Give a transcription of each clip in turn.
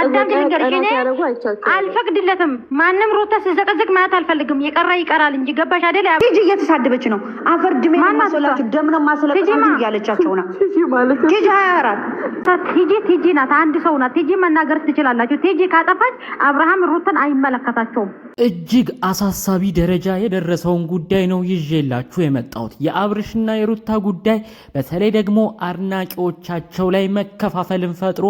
አንዳንድ አልፈቅድለትም። ማንም ሩታ ስዘቀዝቅ ማለት አልፈልግም። የቀረ ይቀራል እንጂ ገባሽ አይደል? ልጅ እየተሳደበች ነው። አፈር ድሜ ማሰላችሁ ደም ነው ማሰለቀ እያለቻቸው ነው። ቲጂ ሀያ አራት ቲጂ ቲጂ ናት። አንድ ሰው ናት። ቲጂ መናገር ትችላላችሁ። ቲጂ ካጠፋች አብርሃም ሩትን አይመለከታቸውም። እጅግ አሳሳቢ ደረጃ የደረሰውን ጉዳይ ነው ይዤላችሁ የመጣሁት የአብርሽና የሩታ ጉዳይ በተለይ ደግሞ አድናቂዎቻቸው ላይ መከፋፈልን ፈጥሮ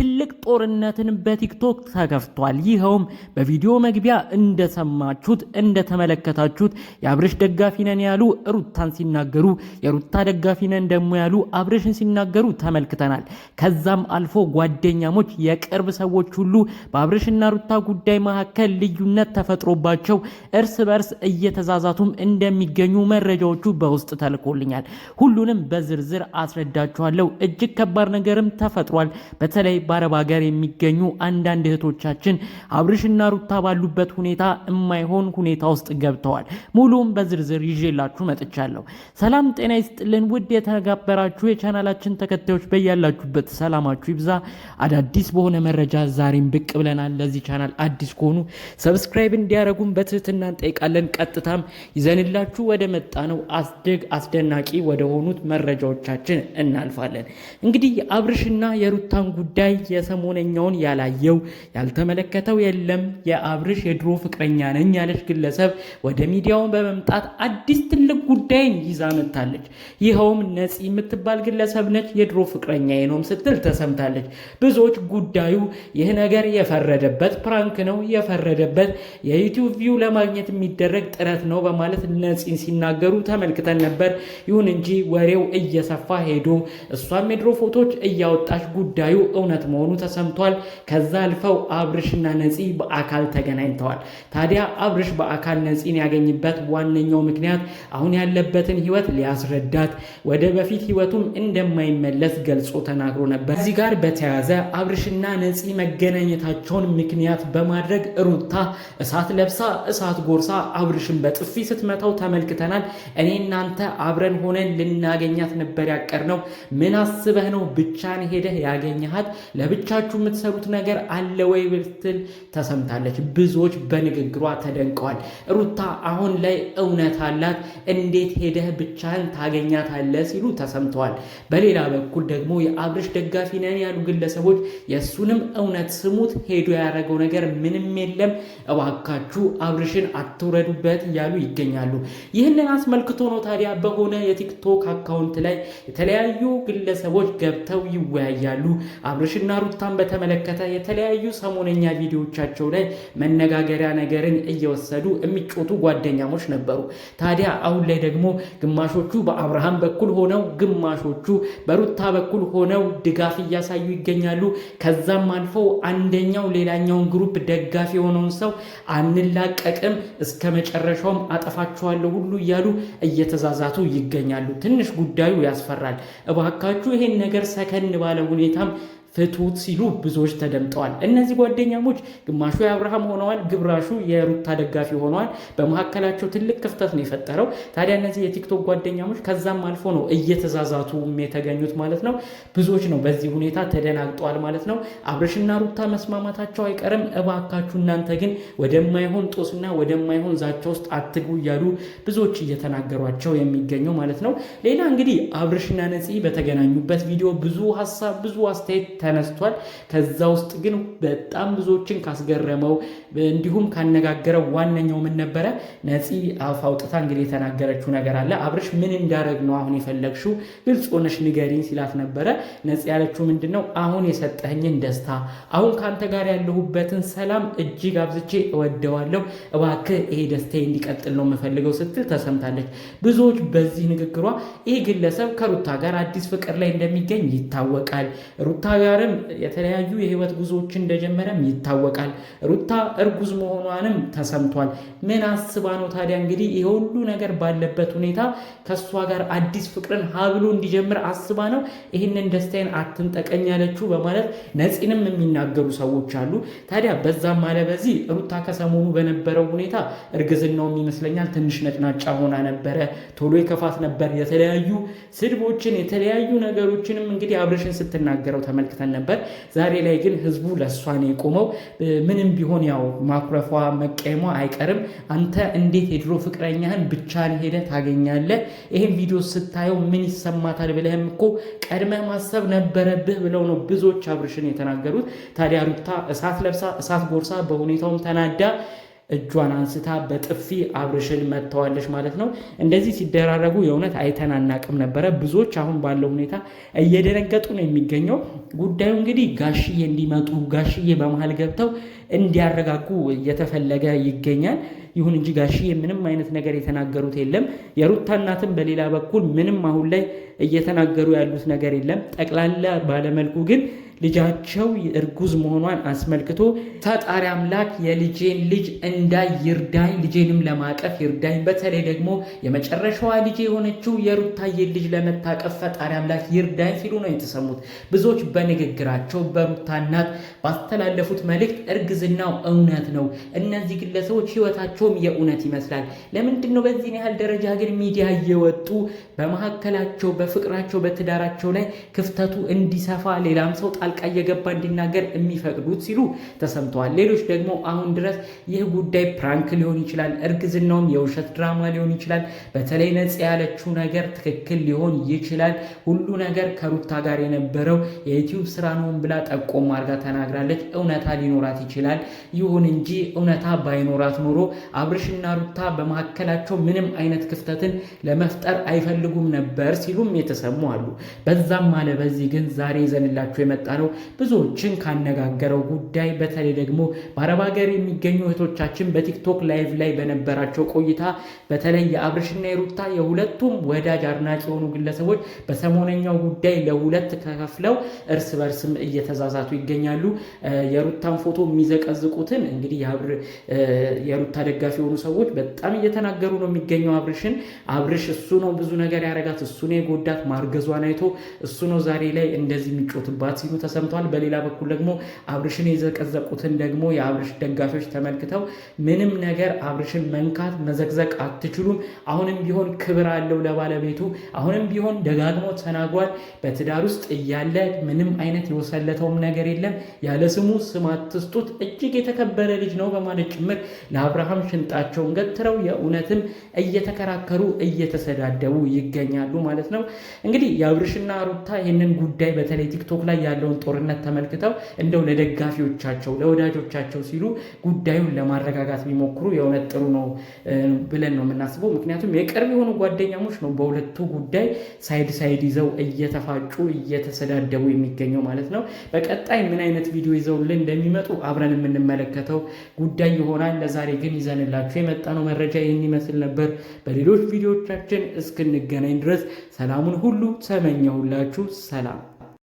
ትልቅ ጦርነትን በቲክቶክ ተከፍቷል። ይኸውም በቪዲዮ መግቢያ እንደሰማችሁት እንደተመለከታችሁት የአብርሽ ደጋፊ ነን ያሉ ሩታን ሲናገሩ፣ የሩታ ደጋፊ ነን ደግሞ ያሉ አብርሽን ሲናገሩ ተመልክተናል። ከዛም አልፎ ጓደኛሞች፣ የቅርብ ሰዎች ሁሉ በአብርሽና ሩታ ጉዳይ መካከል ልዩነት ተፈጥሮባቸው እርስ በርስ እየተዛዛቱም እንደሚገኙ መረጃዎቹ በውስጥ ተልኮልኛል። ሁሉንም በዝርዝር አስረዳችኋለሁ። እጅግ ከባድ ነገርም ተፈጥሯል። በተለይ በአረብ ሀገር የሚገኙ አንዳንድ እህቶቻችን አብርሽና ሩታ ባሉበት ሁኔታ የማይሆን ሁኔታ ውስጥ ገብተዋል። ሙሉም በዝርዝር ይዤላችሁ መጥቻለሁ። ሰላም ጤና ይስጥልን ውድ የተጋበራችሁ የቻናላችን ተከታዮች በያላችሁበት ሰላማችሁ ይብዛ። አዳዲስ በሆነ መረጃ ዛሬም ብቅ ብለናል። ለዚህ ቻናል አዲስ ከሆኑ ሰብስክራይብ እንዲያደረጉን በትህትና እንጠይቃለን። ቀጥታም ይዘንላችሁ ወደ መጣ ነው አስደግ አስደናቂ ወደ ሆኑት መረጃዎቻችን እናልፋለን። እንግዲህ የአብርሽና የሩታን ጉዳይ የሰሞነኛውን ያላየው ያልተመለከተው የለም። የአብርሽ የድሮ ፍቅረኛ ነኝ ያለች ግለሰብ ወደ ሚዲያውን በመምጣት አዲስ ትልቅ ጉዳይን ይዛ መታለች። ይኸውም ነፂ የምትባል ግለሰብ ነች፣ የድሮ ፍቅረኛ ነውም ስትል ተሰምታለች። ብዙዎች ጉዳዩ ይህ ነገር የፈረደበት ፕራንክ ነው፣ የፈረደበት የዩቲዩብ ቪው ለማግኘት የሚደረግ ጥረት ነው በማለት ነፂን ሲናገሩ ተመልክተን ነበር። ይሁን እንጂ ወሬው እየሰፋ ሄዶ እሷም የድሮ ፎቶች እያወጣች ጉዳዩ እውነት መሆኑ ተሰምቷል። ከዛ አልፈው አብርሽና ነፂ በአካል ተገናኝተዋል። ታዲያ አብርሽ በአካል ነፂን ያገኝበት ዋነኛው ምክንያት አሁን ያለበትን ህይወት ሊያስረዳት ወደ በፊት ህይወቱም እንደማይመለስ ገልጾ ተናግሮ ነበር። እዚህ ጋር በተያያዘ አብርሽና ነፂ መገናኘታቸውን ምክንያት በማድረግ ሩታ እሳት ለብሳ እሳት ጎርሳ አብርሽን በጥፊ ስትመታው ተመልክተናል። እኔ እናንተ አብረን ሆነን ልናገኛት ነበር ያቀር ነው ምን አስበህ ነው ብቻን ሄደህ ያገኘሃት? ለብቻችሁ የምትሰሩት ያደረኩት ነገር አለ ወይ ብትል ተሰምታለች። ብዙዎች በንግግሯ ተደንቀዋል። ሩታ አሁን ላይ እውነት አላት፣ እንዴት ሄደህ ብቻህን ታገኛታለህ ሲሉ ተሰምተዋል። በሌላ በኩል ደግሞ የአብርሽ ደጋፊ ነን ያሉ ግለሰቦች የእሱንም እውነት ስሙት፣ ሄዶ ያደረገው ነገር ምንም የለም፣ እባካችሁ አብርሽን አትውረዱበት እያሉ ይገኛሉ። ይህንን አስመልክቶ ነው ታዲያ በሆነ የቲክቶክ አካውንት ላይ የተለያዩ ግለሰቦች ገብተው ይወያያሉ። አብርሽና ሩታን በተመለከተ በተመለከተ የተለያዩ ሰሞነኛ ቪዲዮዎቻቸው ላይ መነጋገሪያ ነገርን እየወሰዱ የሚጮቱ ጓደኛሞች ነበሩ። ታዲያ አሁን ላይ ደግሞ ግማሾቹ በአብርሃም በኩል ሆነው ግማሾቹ በሩታ በኩል ሆነው ድጋፍ እያሳዩ ይገኛሉ። ከዛም አልፈው አንደኛው ሌላኛውን ግሩፕ ደጋፊ የሆነውን ሰው አንላቀቅም፣ እስከ መጨረሻውም አጠፋቸዋለሁ ሁሉ እያሉ እየተዛዛቱ ይገኛሉ። ትንሽ ጉዳዩ ያስፈራል። እባካችሁ ይሄን ነገር ሰከን ባለ ሁኔታም ፍቱት ሲሉ ብዙዎች ተደምጠዋል። እነዚህ ጓደኛሞች ግማሹ የአብርሃም ሆነዋል፣ ግብራሹ የሩታ ደጋፊ ሆነዋል። በመካከላቸው ትልቅ ክፍተት ነው የፈጠረው። ታዲያ እነዚህ የቲክቶክ ጓደኛሞች ከዛም አልፎ ነው እየተዛዛቱም የተገኙት ማለት ነው። ብዙዎች ነው በዚህ ሁኔታ ተደናግጠዋል ማለት ነው። አብርሽና ሩታ መስማማታቸው አይቀርም። እባካችሁ እናንተ ግን ወደማይሆን ጦስና ወደማይሆን ዛቻ ውስጥ አትግቡ እያሉ ብዙዎች እየተናገሯቸው የሚገኘው ማለት ነው። ሌላ እንግዲህ አብርሽና ነፂ በተገናኙበት ቪዲዮ ብዙ ሀሳብ ብዙ አስተያየት ተነስቷል። ከዛ ውስጥ ግን በጣም ብዙዎችን ካስገረመው እንዲሁም ካነጋገረው ዋነኛው ምን ነበረ? ነፂ አፍ አውጥታ እንግዲህ የተናገረችው ነገር አለ። አብርሽ ምን እንዳረግ ነው አሁን የፈለግሽው? ግልጽ ሆነሽ ንገሪኝ ሲላት ነበረ። ነፂ ያለችው ምንድን ነው? አሁን የሰጠኝን ደስታ፣ አሁን ከአንተ ጋር ያለሁበትን ሰላም እጅግ አብዝቼ እወደዋለሁ። እባክህ ይሄ ደስታ እንዲቀጥል ነው የምፈልገው ስትል ተሰምታለች። ብዙዎች በዚህ ንግግሯ ይህ ግለሰብ ከሩታ ጋር አዲስ ፍቅር ላይ እንደሚገኝ ይታወቃል። ሩታ ጋርም የተለያዩ የህይወት ጉዞዎች እንደጀመረም ይታወቃል። ሩታ እርጉዝ መሆኗንም ተሰምቷል። ምን አስባ ነው ታዲያ እንግዲህ ይህ ሁሉ ነገር ባለበት ሁኔታ ከእሷ ጋር አዲስ ፍቅርን ሀብሎ እንዲጀምር አስባ ነው ይህንን ደስታዬን አትንጠቀኝ ያለችው በማለት ነፂንም የሚናገሩ ሰዎች አሉ። ታዲያ በዛም አለ በዚህ ሩታ ከሰሞኑ በነበረው ሁኔታ እርግዝናውም ይመስለኛል ትንሽ ነጭናጫ ሆና ነበረ። ቶሎ የከፋት ነበር። የተለያዩ ስድቦችን የተለያዩ ነገሮችንም እንግዲህ አብረሽን ስትናገረው ተመልክተ ተመልክተን ነበር። ዛሬ ላይ ግን ህዝቡ ለእሷ ነው የቆመው። ምንም ቢሆን ያው ማኩረፏ መቀየሟ አይቀርም። አንተ እንዴት የድሮ ፍቅረኛህን ብቻህን ሄደህ ታገኛለህ? ይህን ቪዲዮ ስታየው ምን ይሰማታል ብለህም እኮ ቀድመህ ማሰብ ነበረብህ ብለው ነው ብዙዎች አብርሽን የተናገሩት። ታዲያ ሩታ እሳት ለብሳ እሳት ጎርሳ በሁኔታውም ተናዳ እጇን አንስታ በጥፊ አብርሽን መጥተዋለች ማለት ነው። እንደዚህ ሲደራረጉ የእውነት አይተን አናቅም ነበረ። ብዙዎች አሁን ባለው ሁኔታ እየደነገጡ ነው የሚገኘው። ጉዳዩ እንግዲህ ጋሽዬ እንዲመጡ ጋሽዬ በመሀል ገብተው እንዲያረጋጉ እየተፈለገ ይገኛል። ይሁን እንጂ ጋሽዬ ምንም አይነት ነገር የተናገሩት የለም። የሩታ እናትም በሌላ በኩል ምንም አሁን ላይ እየተናገሩ ያሉት ነገር የለም። ጠቅላላ ባለመልኩ ግን ልጃቸው እርጉዝ መሆኗን አስመልክቶ ፈጣሪ አምላክ የልጄን ልጅ እንዳይ ይርዳኝ፣ ልጄንም ለማቀፍ ይርዳኝ። በተለይ ደግሞ የመጨረሻዋ ልጄ የሆነችው የሩታዬን ልጅ ለመታቀፍ ፈጣሪ አምላክ ይርዳኝ ሲሉ ነው የተሰሙት። ብዙዎች በንግግራቸው በሩታ እናት ባስተላለፉት መልእክት እርግዝናው እውነት ነው፣ እነዚህ ግለሰቦች ህይወታቸውም የእውነት ይመስላል። ለምንድን ነው በዚህን ያህል ደረጃ ግን ሚዲያ እየወጡ በመካከላቸው በፍቅራቸው በትዳራቸው ላይ ክፍተቱ እንዲሰፋ ሌላም ሰው ጣል ጣልቃ እየገባ እንዲናገር የሚፈቅዱት ሲሉ ተሰምተዋል። ሌሎች ደግሞ አሁን ድረስ ይህ ጉዳይ ፕራንክ ሊሆን ይችላል፣ እርግዝናውም የውሸት ድራማ ሊሆን ይችላል፣ በተለይ ነጽ ያለችው ነገር ትክክል ሊሆን ይችላል፣ ሁሉ ነገር ከሩታ ጋር የነበረው የዩቲዩብ ስራ ነውን ብላ ጠቆም አድርጋ ተናግራለች። እውነታ ሊኖራት ይችላል። ይሁን እንጂ እውነታ ባይኖራት ኖሮ አብርሽና ሩታ በመካከላቸው ምንም አይነት ክፍተትን ለመፍጠር አይፈልጉም ነበር ሲሉም የተሰሙ አሉ። በዛም አለ በዚህ ግን ዛሬ ይዘንላቸው የመጣ ነው። ብዙዎችን ካነጋገረው ጉዳይ በተለይ ደግሞ በአረብ ሀገር የሚገኙ እህቶቻችን በቲክቶክ ላይቭ ላይ በነበራቸው ቆይታ በተለይ የአብርሽና የሩታ የሁለቱም ወዳጅ አድናቂ የሆኑ ግለሰቦች በሰሞነኛው ጉዳይ ለሁለት ተከፍለው እርስ በርስም እየተዛዛቱ ይገኛሉ። የሩታን ፎቶ የሚዘቀዝቁትን እንግዲህ የሩታ ደጋፊ የሆኑ ሰዎች በጣም እየተናገሩ ነው የሚገኘው አብርሽን። አብርሽ እሱ ነው ብዙ ነገር ያረጋት፣ እሱ ነው የጎዳት፣ ማርገዟን አይቶ እሱ ነው ዛሬ ላይ እንደዚህ የሚጮትባት ሲሉ ተሰምቷል። በሌላ በኩል ደግሞ አብርሽን የዘቀዘቁትን ደግሞ የአብርሽ ደጋፊዎች ተመልክተው ምንም ነገር አብርሽን መንካት መዘቅዘቅ አትችሉም፣ አሁንም ቢሆን ክብር አለው ለባለቤቱ፣ አሁንም ቢሆን ደጋግሞ ተናግሯል። በትዳር ውስጥ እያለ ምንም አይነት የወሰለተውም ነገር የለም፣ ያለ ስሙ ስም አትስጡት፣ እጅግ የተከበረ ልጅ ነው በማለት ጭምር ለአብርሃም ሽንጣቸውን ገትረው የእውነትም እየተከራከሩ እየተሰዳደቡ ይገኛሉ ማለት ነው። እንግዲህ የአብርሽና ሩታ ይህንን ጉዳይ በተለይ ቲክቶክ ላይ ያለውን የነበረውን ጦርነት ተመልክተው እንደው ለደጋፊዎቻቸው ለወዳጆቻቸው ሲሉ ጉዳዩን ለማረጋጋት ቢሞክሩ የእውነት ጥሩ ነው ብለን ነው የምናስበው። ምክንያቱም የቅርብ የሆኑ ጓደኛሞች ነው በሁለቱ ጉዳይ ሳይድ ሳይድ ይዘው እየተፋጩ እየተሰዳደቡ የሚገኘው ማለት ነው። በቀጣይ ምን አይነት ቪዲዮ ይዘውልን እንደሚመጡ አብረን የምንመለከተው ጉዳይ ይሆናል። ለዛሬ ግን ይዘንላችሁ የመጣነው መረጃ ይህን ይመስል ነበር። በሌሎች ቪዲዮዎቻችን እስክንገናኝ ድረስ ሰላሙን ሁሉ ተመኘሁላችሁ። ሰላም